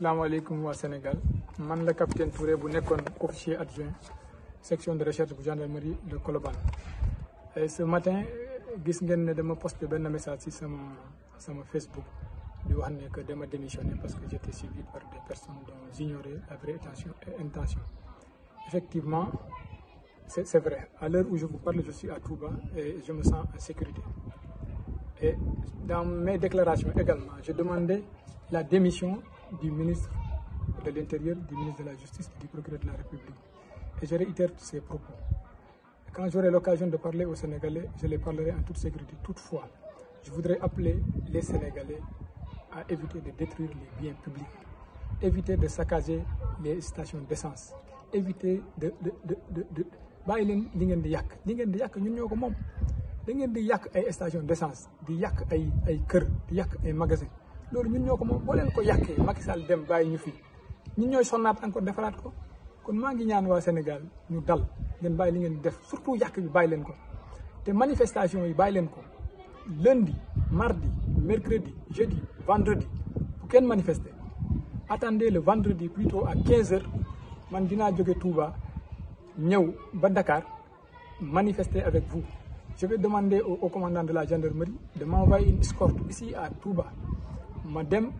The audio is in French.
alaikum, wa Sénégal suis le capitaine Touré bu officier adjoint section de recherche la gendarmerie de Koloban. et ce matin gis ngeen ne dama posté un message sur mon Facebook Je wax que dama démissionné parce que j'étais suivi par des personnes dont j'ignorais la vraie intention effectivement c'est vrai à l'heure où je vous parle je suis à Touba et je me sens en sécurité et dans mes déclarations également je demandais la démission du ministre de l'Intérieur, du ministre de la Justice et du procureur de la République. Et je réitère ces propos. Quand j'aurai l'occasion de parler aux Sénégalais, je les parlerai en toute sécurité. Toutefois, je voudrais appeler les Sénégalais à éviter de détruire les biens publics, éviter de saccager les stations d'essence, éviter de... de, de, de, de des di yak, di yak ñun di yak d'essence di yak ay ay kër loolu ñun ñoko ko bo len ko yaké Macky Sall dem bay ñu fi ñun ñoy sonnaat encore defaraat ko kon maa ngi ñaan wa Sénégal ñu dal ngeen bay li ngeen def surtout yàq bi bay len ko té manifestation yi bay len ko lundi mardi mercredi jeudi vendredi pour ken manifester attendez le vendredi plutôt à 15 heures man dina joggé Touba ñew ba Dakar manifester avec vous je vais demander au, au commandant de la gendarmerie de m'envoyer une escorte ici à Touba ma dem